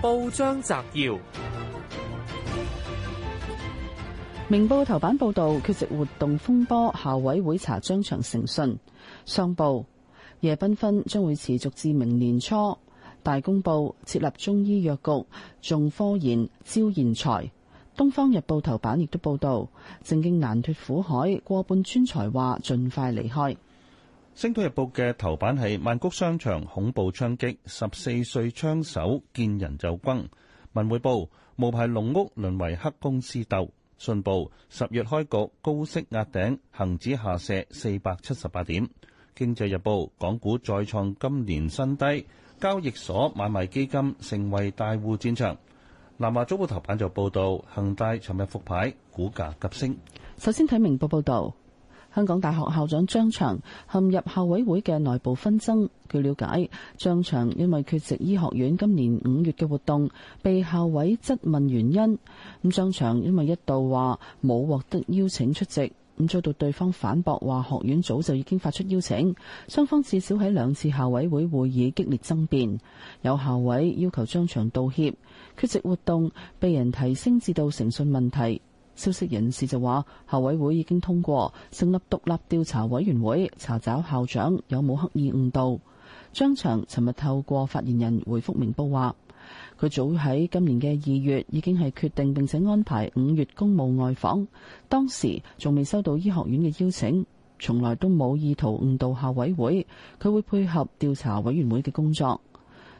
報章摘要：明報頭版報道缺席活動風波，校委會查張翔誠信。商報夜繽紛將會持續至明年初。大公報設立中醫藥局，重科研招賢才。東方日報頭版亦都報道，正經難脫苦海，過半專才話盡快離開。《星島日報》嘅頭版係曼谷商場恐怖槍擊，十四歲槍手見人就轟。《文匯報》無牌農屋淪為黑工私竇。《信報》十月開局高息壓頂，恒指下瀉，四百七十八點。《經濟日報》港股再創今年新低，交易所買賣基金成為大戶戰場。《南華早報》頭版就報道恒大尋日復牌，股價急升。首先睇明報報道。香港大學校長張翔陷入校委會嘅內部紛爭。據了解，張翔因為缺席醫學院今年五月嘅活動，被校委質問原因。咁張翔因為一度話冇獲得邀請出席，咁遭到對方反駁話學院早就已經發出邀請。雙方至少喺兩次校委會會議激烈爭辯，有校委要求張翔道歉，缺席活動被人提升至到誠信問題。消息人士就話，校委會已經通過成立獨立調查委員會，查找校長有冇刻意誤導。張翔尋日透過發言人回覆明報話，佢早喺今年嘅二月已經係決定，並且安排五月公務外訪，當時仲未收到醫學院嘅邀請，從來都冇意圖誤導校委會，佢會配合調查委員會嘅工作。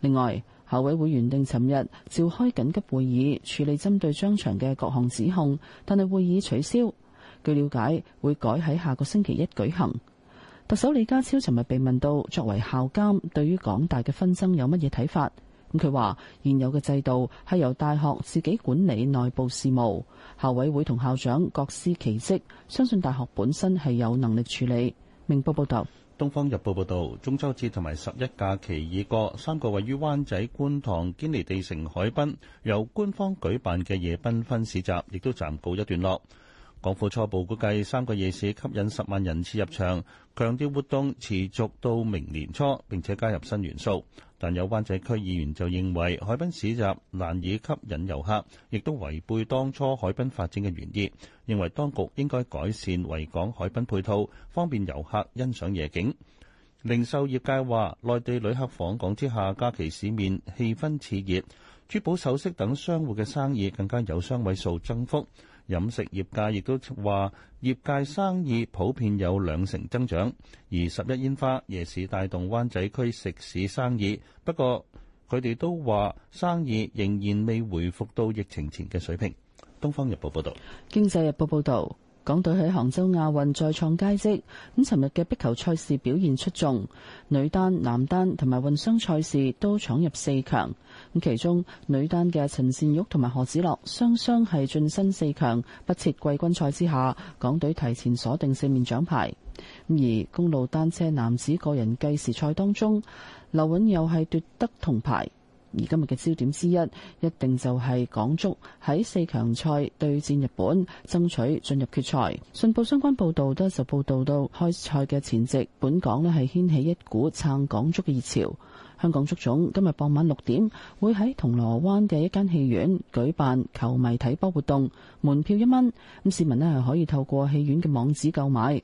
另外。校委會原定尋日召開緊急會議處理針對張翔嘅各項指控，但係會議取消。據了解，會改喺下個星期一舉行。特首李家超尋日被問到，作為校監，對於港大嘅紛爭有乜嘢睇法？咁佢話：現有嘅制度係由大學自己管理內部事務，校委會同校長各司其職，相信大學本身係有能力處理。明報報道。《東方日報》報道，中秋節同埋十一假期已過，三個位於灣仔、觀塘、堅尼地城海濱由官方舉辦嘅夜繽紛市集，亦都暫告一段落。港府初步估計，三個夜市吸引十萬人次入場，強調活動持續到明年初，並且加入新元素。但有灣仔區議員就認為，海濱市集難以吸引遊客，亦都違背當初海濱發展嘅原意，認為當局應該改善維港海濱配套，方便遊客欣賞夜景。零售業界話，內地旅客訪港之下，假期市面氣氛熾熱，珠寶、首飾等商戶嘅生意更加有雙位數增幅。飲食業界亦都話，業界生意普遍有兩成增長，而十一煙花夜市帶動灣仔區食肆生意。不過，佢哋都話生意仍然未回復到疫情前嘅水平。《東方日報》報道。《經濟日報》報道。港隊喺杭州亞運再創佳績，咁尋日嘅壁球賽事表現出眾，女單、男單同埋混雙賽事都闖入四強。咁其中女單嘅陳善玉同埋何子樂雙雙係晉身四強，不設季軍賽之下，港隊提前鎖定四面獎牌。而公路單車男子個人計時賽當中，劉永友係奪得銅牌。而今日嘅焦點之一，一定就係港足喺四強賽對戰日本，爭取進入決賽。信報相關報道都就報道到開賽嘅前夕，本港咧係掀起一股撐港足嘅熱潮。香港足總今日傍晚六點會喺銅鑼灣嘅一間戲院舉辦球迷睇波活動，門票一蚊，市民呢係可以透過戲院嘅網址購買。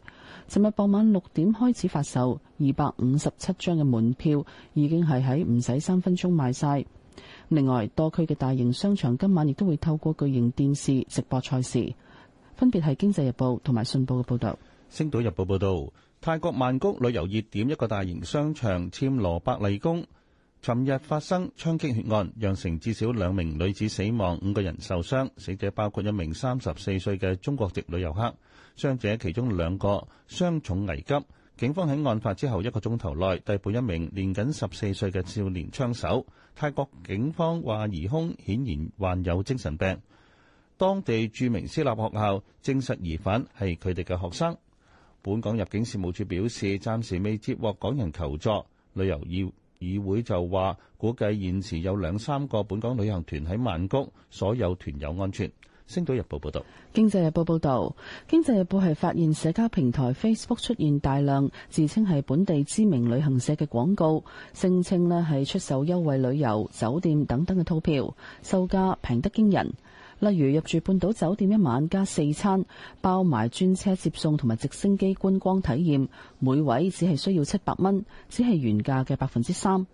尋日傍晚六點開始發售，二百五十七張嘅門票已經係喺唔使三分鐘賣晒。另外，多區嘅大型商場今晚亦都會透過巨型電視直播賽事，分別係《經濟日報》同埋《信報》嘅報道，《星島日報》報道。泰國曼谷旅遊熱點一個大型商場暹羅百麗宮，尋日發生槍擊血案，釀成至少兩名女子死亡，五個人受傷，死者包括一名三十四歲嘅中國籍旅遊客，傷者其中兩個傷重危急。警方喺案發之後一個鐘頭內逮捕一名年僅十四歲嘅少年槍手。泰國警方話疑兇顯然患有精神病，當地著名私立學校證實疑犯係佢哋嘅學生。本港入境事務處表示，暫時未接獲港人求助。旅遊議議會就話，估計現時有兩三個本港旅行團喺曼谷，所有團友安全。星島日報報道，經濟日報報道，經濟日報係發現社交平台 Facebook 出現大量自稱係本地知名旅行社嘅廣告，聲稱咧係出售優惠旅遊、酒店等等嘅套票，售價平得驚人。例如入住半島酒店一晚加四餐，包埋專車接送同埋直升機觀光體驗，每位只係需要七百蚊，只係原價嘅百分之三。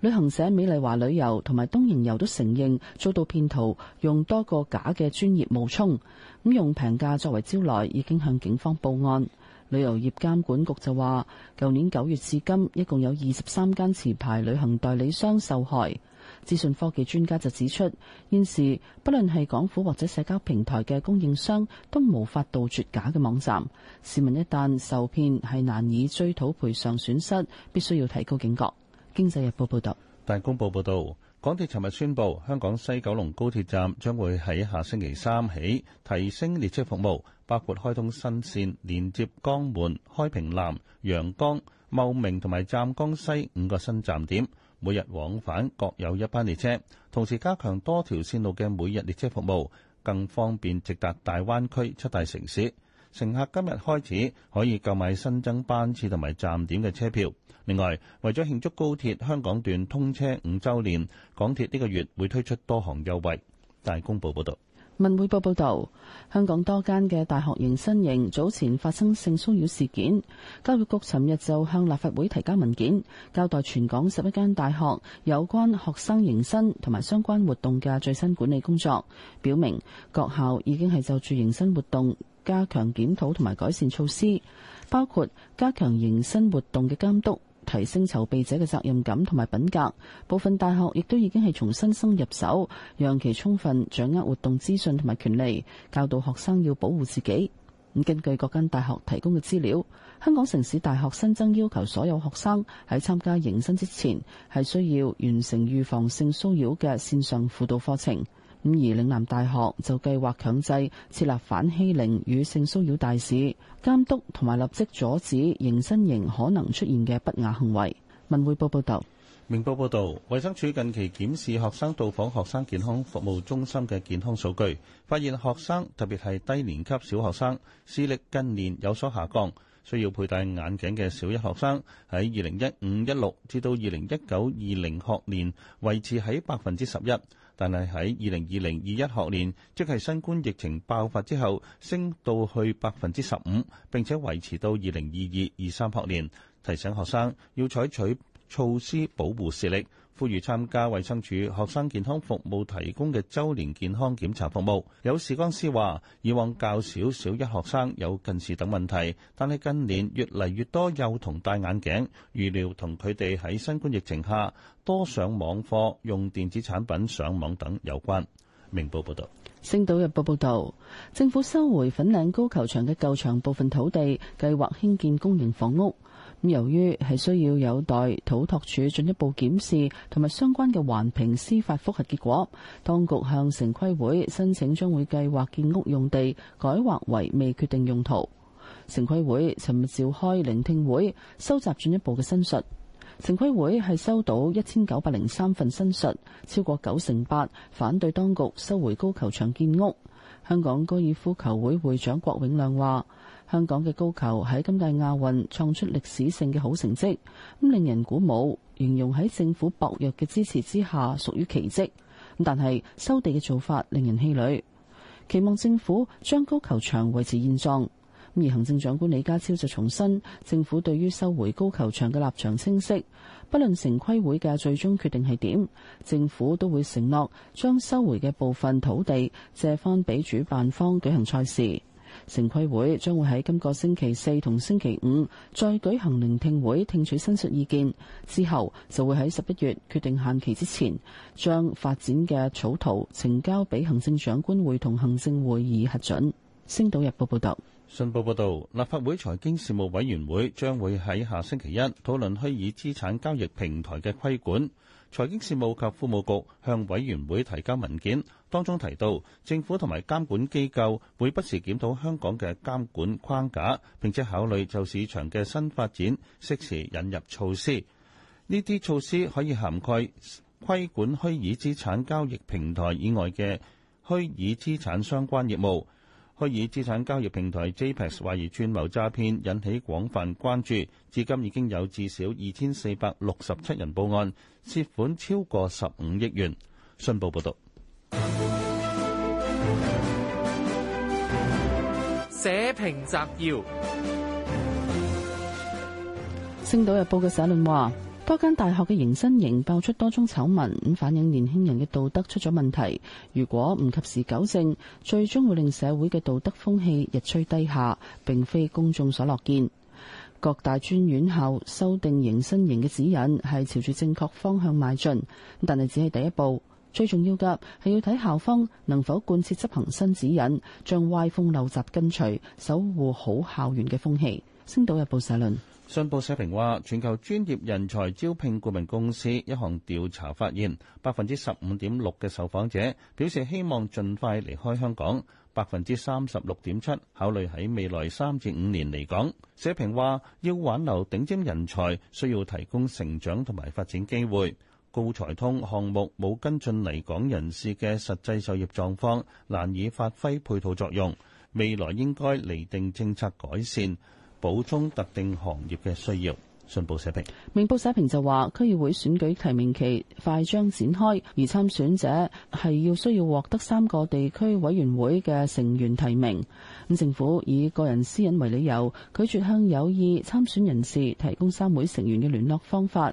旅行社美麗華旅遊同埋東瀛遊都承認遭到騙徒用多個假嘅專業冒充，咁用平價作為招徠，已經向警方報案。旅遊業監管局就話，舊年九月至今，一共有二十三間持牌旅行代理商受害。資訊科技專家就指出，現時不論係港府或者社交平台嘅供應商，都無法杜絕假嘅網站。市民一旦受騙，係難以追討賠償損失，必須要提高警覺。經濟日報報道。大公報報道，港鐵尋日宣布，香港西九龍高鐵站將會喺下星期三起提升列車服務，包括開通新線連接江門、開平南、陽江、茂名同埋湛江西五個新站點。每日往返各有一班列車，同時加強多條線路嘅每日列車服務，更方便直達大灣區七大城市。乘客今日開始可以購買新增班次同埋站點嘅車票。另外，為咗慶祝高鐵香港段通車五周年，港鐵呢個月會推出多項優惠。大公報報道。文匯報報道，香港多間嘅大學迎新營早前發生性騷擾事件，教育局尋日就向立法會提交文件，交代全港十一間大學有關學生迎新同埋相關活動嘅最新管理工作，表明各校已經係就住迎新活動加強檢討同埋改善措施，包括加強迎新活動嘅監督。提升籌備者嘅責任感同埋品格，部分大學亦都已經係從新生入手，讓其充分掌握活動資訊同埋權利，教導學生要保護自己。咁根據各間大學提供嘅資料，香港城市大學新增要求所有學生喺參加迎新之前，係需要完成預防性騷擾嘅線上輔導課程。咁而嶺南大學就計劃強制設立反欺凌與性騷擾大使監督，同埋立即阻止形身形可能出現嘅不雅行為。文匯報報道，明報報道，衛生署近期檢視學生到訪學生健康服務中心嘅健康數據，發現學生，特別係低年級小學生，視力近年有所下降，需要佩戴眼鏡嘅小一學生，喺二零一五一六至到二零一九二零學年維持喺百分之十一。但係喺二零二零二一學年，即係新冠疫情爆發之後，升到去百分之十五，並且維持到二零二二二三學年，提醒學生要採取措施保護視力。呼籲參加衛生署學生健康服務提供嘅周年健康檢查服務。有視光師話，以往較少小一學生有近視等問題，但係近年越嚟越多幼童戴眼鏡，預料同佢哋喺新冠疫情下多上網課、用電子產品上網等有關。明報報道，《星島日報》報道，政府收回粉嶺高球場嘅舊場部分土地，計劃興建公營房屋。由於係需要有待土託署進一步檢視同埋相關嘅環評司法覆核結果，當局向城規會申請將會計劃建屋用地改劃為未決定用途。城規會尋日召開聆聽會，收集進一步嘅申述。城規會係收到一千九百零三份申述，超過九成八反對當局收回高球場建屋。香港高爾夫球會會會長郭永亮話：香港嘅高球喺今屆亞運創出歷史性嘅好成績，咁令人鼓舞，形容喺政府薄弱嘅支持之下屬於奇蹟。但係收地嘅做法令人氣餒，期望政府將高球場維持現狀。咁而行政長官李家超就重申，政府對於收回高球場嘅立場清晰，不論城規會嘅最終決定係點，政府都會承諾將收回嘅部分土地借翻俾主辦方舉行賽事。城規會將會喺今個星期四同星期五再舉行聆聽會，聽取申述意見之後，就會喺十一月決定限期之前，將發展嘅草圖呈交俾行政長官會同行政會議核准。星島日報報道，信報報道，立法會財經事務委員會將會喺下星期一討論虛擬資產交易平台嘅規管。財經事務及庫務局向委員會提交文件，當中提到政府同埋監管機構會不時檢討香港嘅監管框架，並且考慮就市場嘅新發展適時引入措施。呢啲措施可以涵蓋規管虛擬資產交易平台以外嘅虛擬資產相關業務。虛擬資產交易平台 JPEX 懷疑串謀詐騙，引起廣泛關注。至今已經有至少二千四百六十七人報案，涉款超過十五億元。信報報道。社評摘要，《星島日報》嘅社論話。多間大學嘅迎新營爆出多宗醜聞，咁反映年輕人嘅道德出咗問題。如果唔及時糾正，最終會令社會嘅道德風氣日趨低下，並非公眾所樂見。各大專院校修訂迎新營嘅指引，係朝住正確方向邁進，但係只係第一步。最重要嘅係要睇校方能否貫徹執行新指引，將歪風陋習根除，守護好校園嘅風氣。星島日報社論。信報社評話，全球專業人才招聘顧問公司一項調查發現，百分之十五點六嘅受訪者表示希望盡快離開香港，百分之三十六點七考慮喺未來三至五年離港。社評話要挽留頂尖人才，需要提供成長同埋發展機會，高才通項目冇跟進嚟港人士嘅實際就業狀況，難以發揮配套作用。未來應該釐定政策改善。補充特定行業嘅需要。信報社評。明報社評就話區議會選舉提名期快將展開，而參選者係要需要獲得三個地區委員會嘅成員提名。咁政府以個人私隱為理由，拒絕向有意參選人士提供三會成員嘅聯絡方法，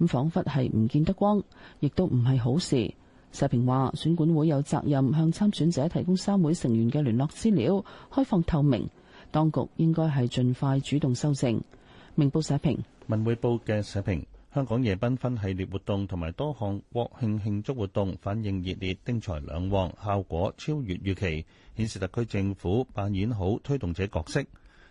咁仿佛係唔見得光，亦都唔係好事。社評話選管會有責任向參選者提供三會成員嘅聯絡資料，開放透明。當局應該係盡快主動修正。明報社評。文匯報嘅社評，香港夜繽紛系列活動同埋多項國慶慶祝活動反應熱烈，丁財兩旺，效果超越預期，顯示特區政府扮演好推動者角色。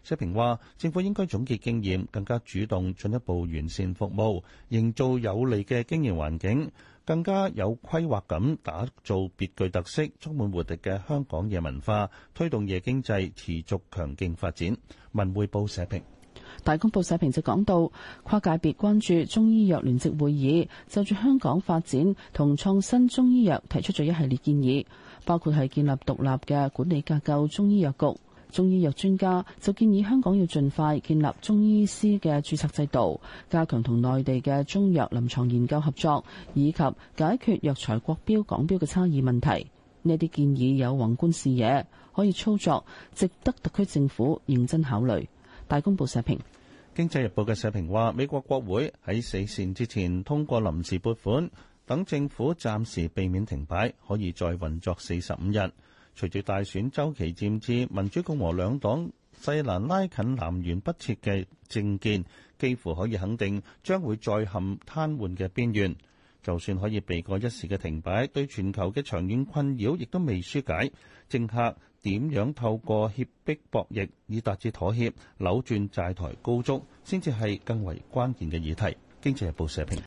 社評話，政府應該總結經驗，更加主動，進一步完善服務，營造有利嘅經營環境。更加有規劃咁打造別具特色、充滿活力嘅香港夜文化，推動夜經濟持續強勁發展。文匯報社評。大公報社評就講到，跨界別關注中醫藥聯席會議，就住香港發展同創新中醫藥提出咗一系列建議，包括係建立獨立嘅管理架構中醫藥局。中醫藥專家就建議香港要盡快建立中醫師嘅註冊制度，加強同內地嘅中藥臨床研究合作，以及解決藥材國標、港標嘅差異問題。呢啲建議有宏觀視野，可以操作，值得特區政府認真考慮。大公報社評，《經濟日報》嘅社評話：美國國會喺死線之前通過臨時撥款，等政府暫時避免停擺，可以再運作四十五日。隨住大選周期漸至，民主共和兩黨勢難拉近，南轅北轍嘅政見幾乎可以肯定將會再陷癱瘓嘅邊緣，就算可以避過一時嘅停擺，對全球嘅長遠困擾亦都未疏解。政客點樣透過脅迫博弈，以達至妥協，扭轉債台高築先至係更為關鍵嘅議題，經濟日報社評。